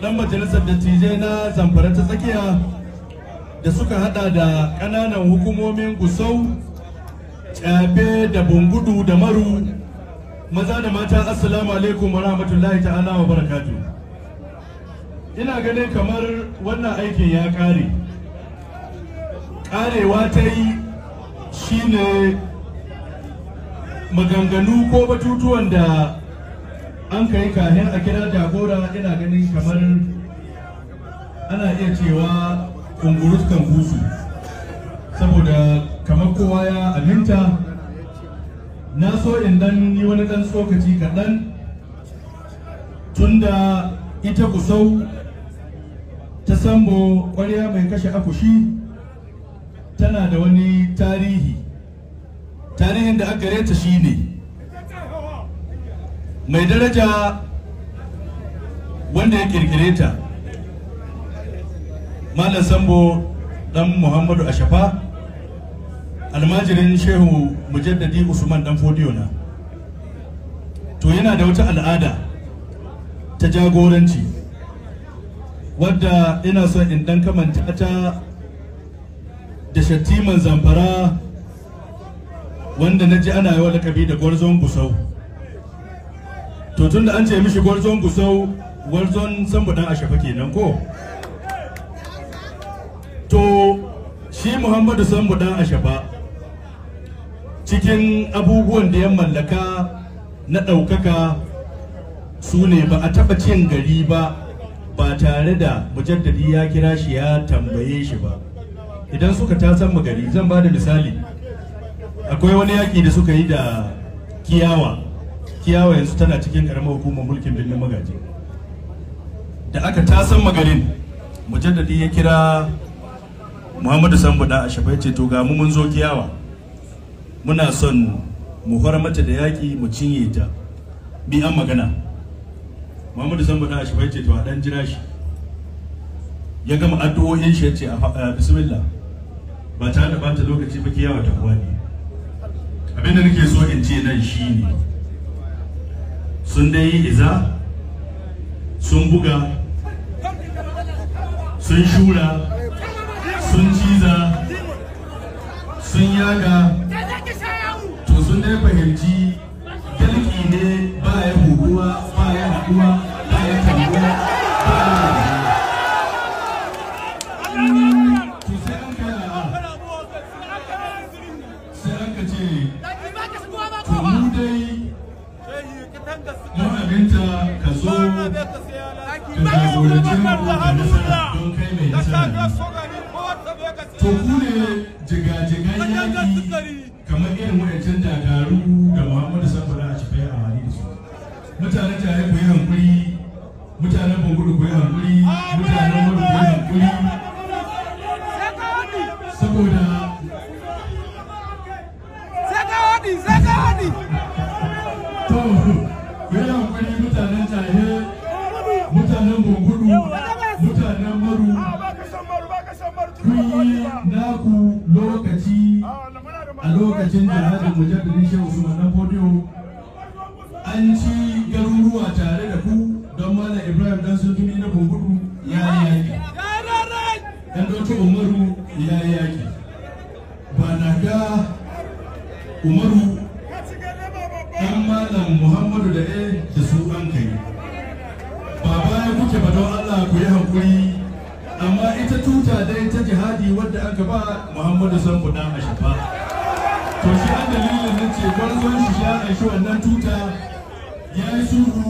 dan majalisar dattijai na zamfara ta tsakiya da suka hada da kananan hukumomin gusau tsafe da bungudu da maru maza da mata assalamu alaikum wa rahmatullahi ta'ala wa barakatu ina ganin kamar wannan aikin ya kare karewa ta yi shine maganganu ko batutuwan da an kai kahin a kira jagora ina ganin kamar ana iya cewa kungurus kan busu saboda kamar kowa ya aminta na so in dan yi wani dan tsokaci kaɗan tunda ita kusau ta sambo kwarya mai kashe akushi tana da wani tarihi tarihin da aka reta shine mai daraja wanda ya kirkire ta malam sambo dan muhammadu ashafa almajirin shehu mujaddadi usman dan fodiyo na to yana da wata al'ada ta jagoranci wadda ina son in dan kamanta ta da shattiman zamfara wanda na ji ana wa lakabi da gwarzon busau to tun da an ce mishi gwarzon gusau gwarzon sambu a ashafa kenan ko to shi muhammadu sambu a ashafa cikin abubuwan da ya mallaka na ɗaukaka su ne ba a taɓa cin gari ba ba tare da mujaddadi ya kira shi ya tambaye shi ba idan suka ta san gari zan ba da misali akwai wani yaki da suka yi da kiyawa wa yanzu tana cikin karamar hukumar mulkin birnin magaji da aka tasan magarin mujaddadi ya kira muhammadu sambu da shafai ce to ga mu mun zo kiyawa muna son mu mata da yaƙi mu cinye ta bi an magana muhammadu sambu da shafai ce to a dan jira shi ya gama addu'o'in shi ya ce a bismillah ba tare da bata lokaci ba kiyawa ta kwani abinda nake so in ce nan shine sun dai yi iza sun buga sun shura sun ciza sun yaga to sun dai fahimci dalki ne ba ya huguwa ba ya haduwa ba ya saboda to yana kwani mutanen jahe mutanen gungudu mutanen maru ah, kun lokaci ah, a lokacin jihadin mujaddadin shehu usman na podiyo umaru dan malam muhammadu da ɗaya da su an kai ba ya kuke ba don allah ku yi hankuri amma ita tuta dai ta jihadi wadda aka ba muhammadu san kuɗa a shafa to shi an dalilin na ce gwarzon shi sha a shi wannan tuta ya yi sulhu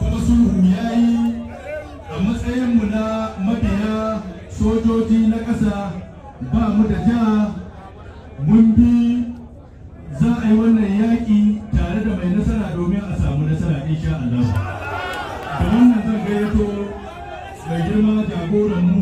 kuma sulhu ya yi a matsayinmu na mabiya sojoji na ƙasa ba mu da ja mun bi domin zan gayyato mai girma jagoran mu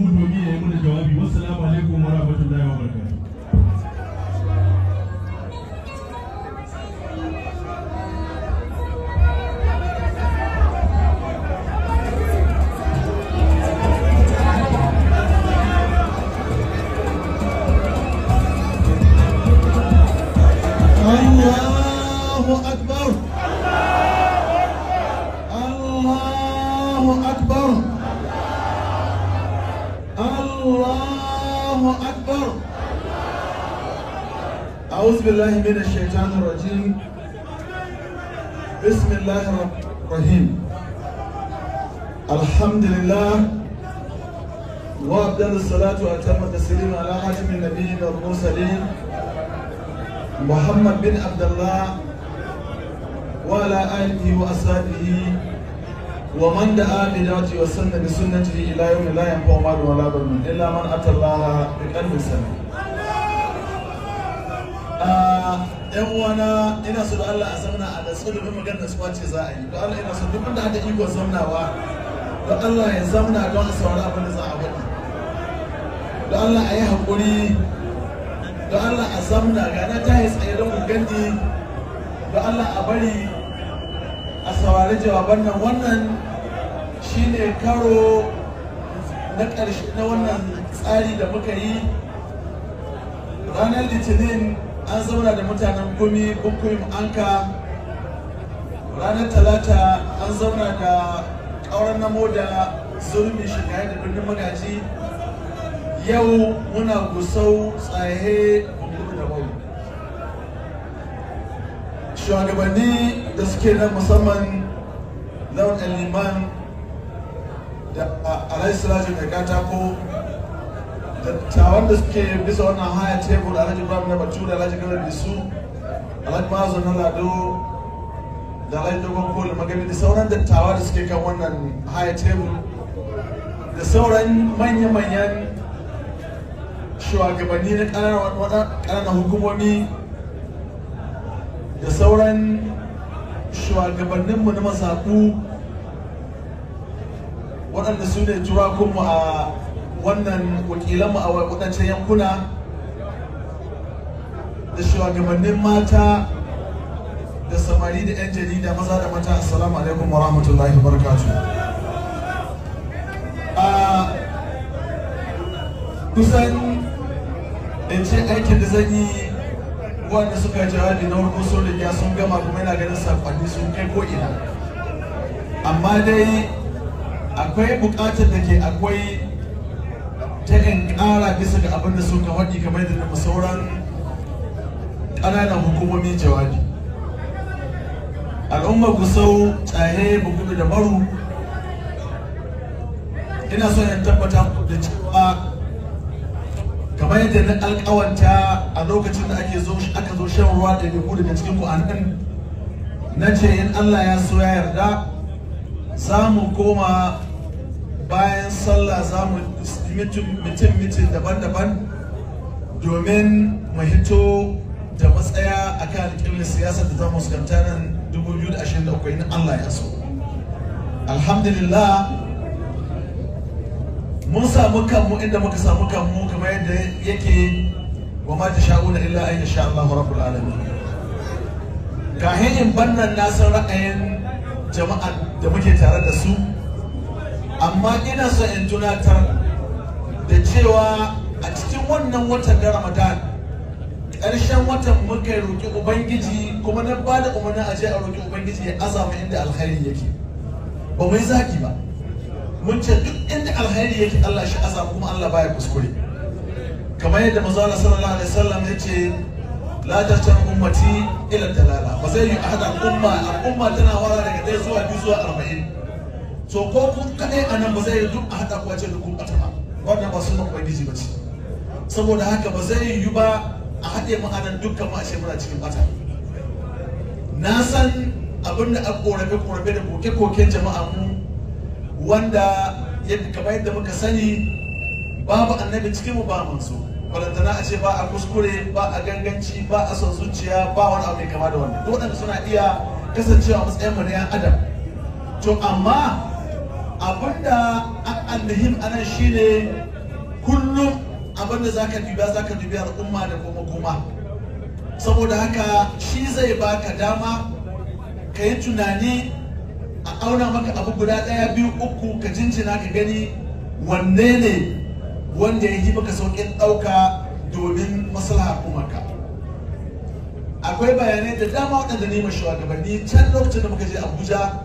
الله أكبر أعوذ بالله من الشيطان الرجيم بسم الله الرحيم الحمد لله وأبدأ الصلاة وأتم التسليم على حاتم النبيين والمرسلين محمد بن عبد الله وعلى آله وأصحابه ومن دعا بدعوته وسن بسنته الى يوم لا ينفع مال ولا بنون الا من اتى الله بقلب سليم. yan wana ina so da Allah a zauna a da bin magana su wace za a yi da Allah ina so duk wanda aka iko zamnawa da Allah ya zauna don a saurari abin da za a faɗi da Allah a yi haƙuri da Allah a ga gana ta yi tsaye don gandi da Allah a bari a saurari jawaban nan wannan shine karo na ƙarshe na wannan tsari da muka yi ranar litinin an zauna da mutanen gumi bukuyin anka ranar talata an zauna da ƙauran namo da zurmi shiga da birnin magaji yau muna gusau tsaye da shugabanni da suke na musamman lawan liman alhaji siraji mai katako dattawan da suke bisa wannan haya tebur alhaji ibrahim na batu da alhaji garin su alhaji mazo na lado da alhaji dogon koli magani da sauran dattawa da suke kan wannan haya tebur da sauran manya-manyan shugabanni na ƙananan hukumomi da sauran shugabanninmu na masaku waɗanda su ne kuma a wannan wakilanmu a waɗancan yankuna da shugabannin mata da samari da 'yan jarida maza da mata assalamu alaikum wa rahmatullahi wa barakatu. kusan in ce aikin da zan yi wanda suka jawabi na wurin sun sun gama kuma yana ganin sakonni sun kai ko ina amma dai akwai bukatar da ke akwai ta kan kara bisa ga abin da suka haɗi kamar da da sauran ƙananan hukumomin jawabi al'ummar gusau tsaye bukudu da maru ina son in tabbata da cewa kamar yadda na alkawanta a lokacin da ake zo aka zo shan ruwa da dubu daga cikin ku na ce in Allah ya so ya yarda za mu koma bayan sallah za mu mitin-mitin daban-daban domin mu da matsaya a kan alƙiblar siyasar da za mu fuskanta nan 2023 na Allah ya so. Alhamdulillah mun samu kanmu inda muka samu kanmu kamar yadda yake wa ma tasha'una illa an yasha Allah rabbul alamin. Kahin in bannan na san ra'ayin jama'a da muke tare da su amma ina so in tunatar da cewa a cikin wannan watan da ramadan ƙarshen watan muka roƙi ubangiji kuma na ba da umarni a je a roƙi ubangiji ya azama inda alkhairi yake ba mai zaki ba mun ce duk inda alkhairi yake Allah shi azama kuma Allah baya kuskure kamar yadda manzo Allah sallallahu alaihi wasallam ya ce la tashar ummati ila dalala ba zai yi a hada al'umma al'umma tana wara daga ɗaya zuwa biyu zuwa arba'in so ko kun kaɗai a nan ba zai yi duk a haɗa kwace da kun ɓata ba wannan ba sunan ubangiji ba ce saboda haka ba zai yiwu ba a haɗe mu anan dukkan mu a ce muna cikin ɓata na san abin da an ƙorafe ƙorafe da koke-koken jama'a mu wanda ya fi kamar yadda muka sani babu annabi cikin mu ba manzo balantana a ce ba a kuskure ba a ganganci ba a son zuciya ba wani abu mai kama da wannan waɗanda suna iya kasancewa matsayin mu na ya adam to amma abinda almuhim anan shine kullum abinda zaka za ka dubi al'umma da kuma kuma saboda haka shi zai baka dama ka yi tunani a auna maka abu guda ɗaya biyu uku ka jinjina ka gani wanne ne wanda ya yi maka saukin ɗauka domin maslaha ka akwai bayanai da dama waɗanda ne mashuwa gabanni can lokacin da muka je abuja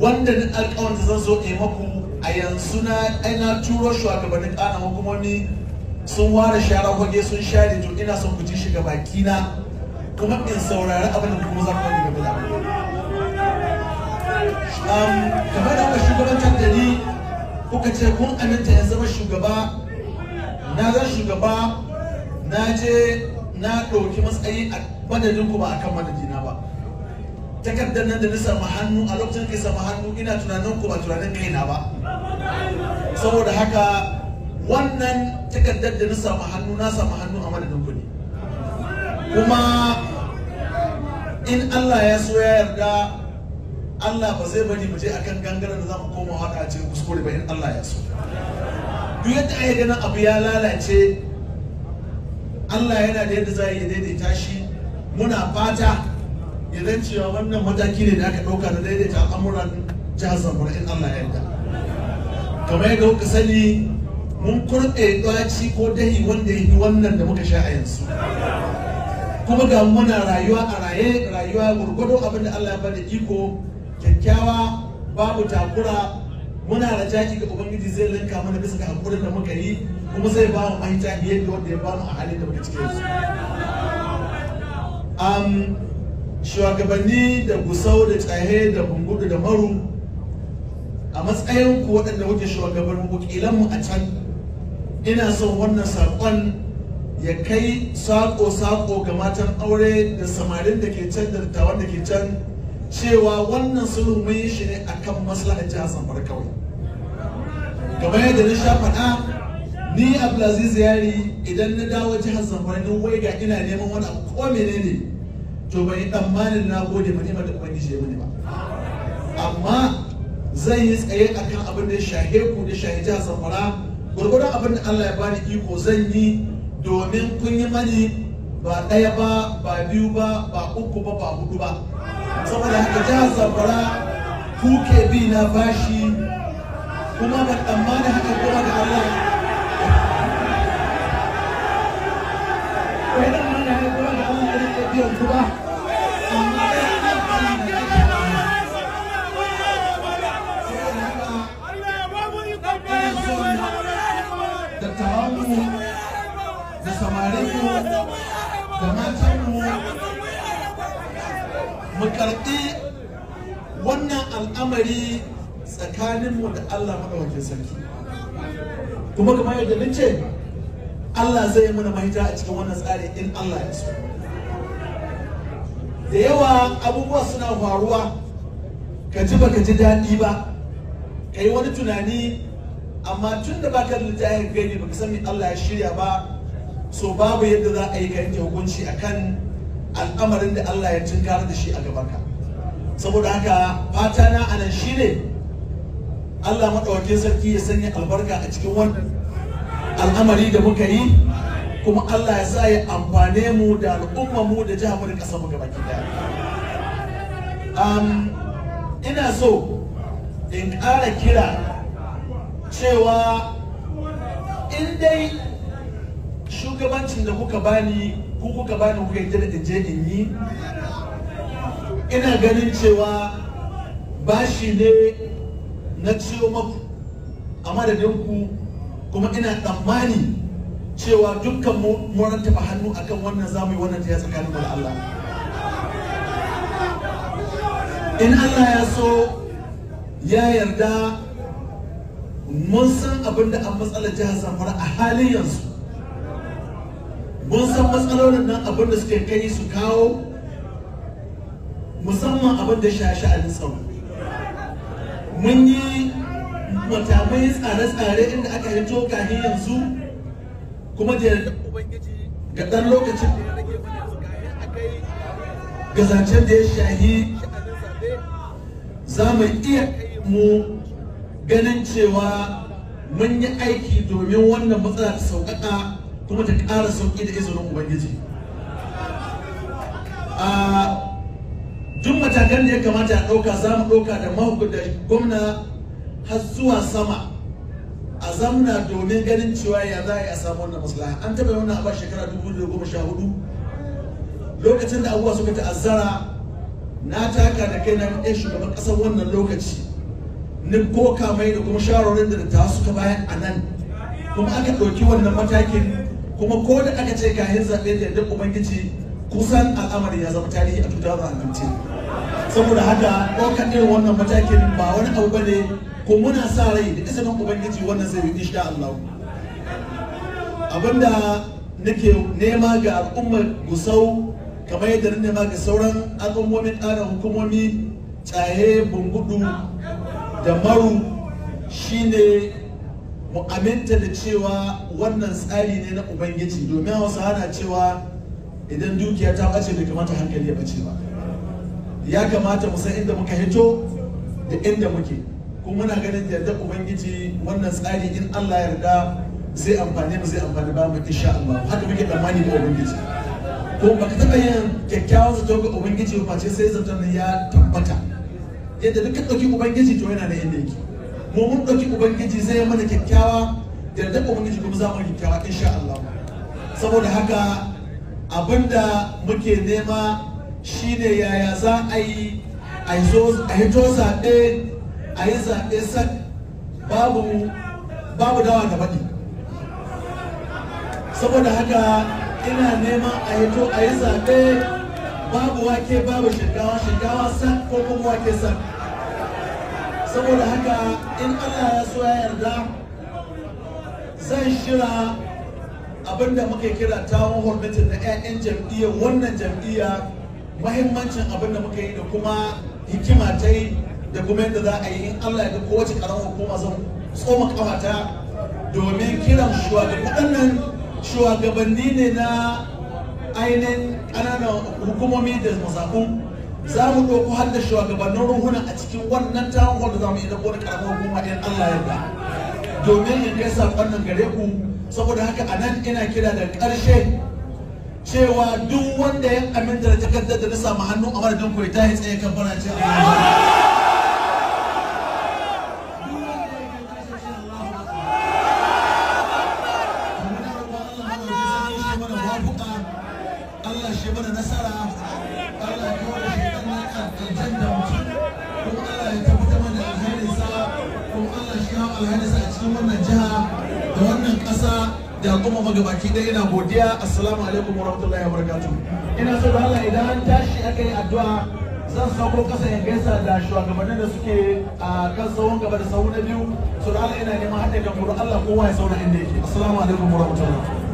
wanda ni alƙawanta zan zo in maku a yanzu na ina turo shugabannin ƙanan hukumomi sun ware shara kwage sun share to ina son ku ji shiga baki na kuma in saurari abin da kuma za ku wani gaba da kamar da kuka shugabantar da ni kuka ce kun aminta ya zama shugaba na zan shugaba na je na ɗauki matsayi a madadin kuma akan madadi takardar nan da na samu hannu a lokacin da samu hannu ina tunanin ko ba tunanin kaina ba saboda haka wannan takardar da na samu hannu na samu hannu a madadin ku kuma in Allah ya so ya yarda Allah ba zai bari mu je akan gangaren da za mu koma haka a cikin kuskure ba in Allah ya so duk yadda ake ganin abu ya lalace Allah yana da yadda za a yi daidaita shi muna fata idan cewa wannan mataki ne da aka ɗauka da daidaita al'amuran jihar zamfara in allah yadda kamar yadda kuka sani mun kurɗe ɗaci ko dahi wanda ya yi wannan da muka sha a yanzu kuma ga muna rayuwa a raye rayuwa gurgudu abin da Allah ya bada iko kyakkyawa babu takura muna da jaki ga ubangiji zai linka mana bisa ga hakurin da muka yi kuma zai ba mu mahita yadda wanda ya ba mu a halin da muka cike su shugabanni da gusau da tsaye da bungudu da maru a matsayin ku waɗanda kuke shugaban mu a can ina son wannan saƙon ya kai saƙo-saƙo ga matan aure da samarin da ke can da dattawan da ke can cewa wannan sulhun mun shi ne akan maslahar jihar zamfara kawai kamar yadda na sha faɗa ni abdulaziz yari idan na dawo jihar zamfara na waiga ina neman wani abu ko menene to ban yi tsammanin na gode ma da ubangiji ya mani ba amma zan yi tsaye akan abin da ya shahe ku da shahe jihar zamfara gwargwadon abin da Allah ya bani iko zan yi domin kun yi mani ba ɗaya ba ba biyu ba ba uku ba ba hudu ba saboda haka jihar zamfara ku ke bi na bashi kuma ban tsammanin haka kuma da Allah yanzu dattawan mu da samarinmu da matanmu mu karɓi wannan al'amari tsakaninmu da Allah maɗaukakin sarki kuma kamar yadda nace Allah zai mana mahita a cikin wannan tsari in Allah ya so da yawa abubuwa suna faruwa ka ji baka ji daɗi ba ka yi wani tunani amma tun da baka da littafin gani baka san Allah ya shirya ba so babu yadda za a yi ka yanke hukunci akan al'amarin da Allah ya tunkar da shi a gabanka saboda haka fata na anan ne, Allah maɗaukakin sarki ya sanya albarka a cikin wannan al'amari da muka yi kuma Allah ya sa ya amfane mu da al'umma mu da jihar mu sabu ga baki um, ina so in ƙara kira cewa in dai shugabancin da kuka bani ku kuka bani kuka yi da je in yi ina ganin cewa ba shi ne na ciyo maku a madadinku kuma ina tsammani cewa dukkan mu mun taba hannu akan wannan zamu yi wannan ta tsakanin mu da Allah in Allah ya so ya yarda mun san abin da an matsalar jihar Zamfara a halin yanzu mun san matsalolin nan abin da suke kai su kawo musamman abin da shashi a tsaro mun yi matamai tsare-tsare inda aka toka kahin yanzu kuma je ga ɗan lokacin ga zancen da ya shahi za mu iya mu ganin cewa mun yi aiki domin wannan matsala ta sauƙaƙa kuma ta ƙara sauƙi da izinin ubangiji a duk matakan da ya kamata a ɗauka za mu ɗauka da mahukunta gwamna har zuwa sama a zamna domin ganin cewa ya za a yi a samu wannan maslaha an taɓa wannan abin shekara 2014 lokacin da abubuwa suka ta'azzara na taka da kai na ɗan shugaban ƙasar wannan lokaci ni ko kamai da kuma shawarorin da ta suka bayan a nan kuma aka ɗauki wannan matakin kuma ko da aka ce kayan zaɓe da yadda ubangiji kusan al'amari ya zama tarihi a 2019 saboda haka ɗaukar irin wannan matakin ba wani abu bane ko muna sa rai da izinin ubangiji wannan zai yi insha Allah abinda nake nema ga al'ummar gusau kamar yadda na nema ga sauran al'ummomin ƙara hukumomi tsaye bungudu da maru shine mu aminta da cewa wannan tsari ne na ubangiji domin wasu hana cewa idan dukiya ta bace bai kamata hankali ya bace ba ya kamata mu san inda muka hito da inda muke kuma muna ganin yadda ubangiji wannan tsari in Allah yarda zai amfani mu zai amfani ba mu insha Allah haka muke tsammani ga ubangiji ko baka taba yin kyakkyawan zato ga ubangiji ba ce sai ne ya tabbata yadda duka dauki ubangiji to yana da yadda yake mu mun dauki ubangiji zai mana kyakkyawa yadda ubangiji kuma za mu kyakkyawa insha Allah saboda haka abinda muke nema shine yaya za a yi a hito zaɓe a yi zaɓe sak babu babu dawa da baɗi saboda haka ina neman a yi to a yi zaɓe babu wake babu shinkawa shinkawa sak ko kuma wake sak saboda haka in allah ya so ya yarda zan shira abinda muke kira tawon hormitin na 'ya'yan jam'iyyar wannan jam'iyya mahimmancin abinda muka yi da kuma hikima ta da kuma yadda za a yi in Allah ya ga kowace karamar hukuma zan tsoma kafata domin kiran shugabannin shugabanni ne na ainihin ƙananan hukumomi da masakun za mu ɗauko har da shugabannin ruhuna a cikin wannan town hall da za mu yi da kowace karamar hukuma in Allah ya ga domin in kai saƙon nan gare ku saboda haka a nan ina kira da ƙarshe cewa duk wanda ya aminta da takardar da na samu hannu a madadin ku ya yi tsaye kan fara ce Allah kuma magabaki dai ina godiya assalamu alaikum wa rahmatullahi wa barakatuh ina so da Allah idan an tashi aka yi addu'a zan sauko kasa ya gaisa da shugabannin da suke a kan tsawon gaba da sau na biyu so da Allah ina neman haɗin kan Allah kowa ya sauna inda yake assalamu alaikum wa rahmatullahi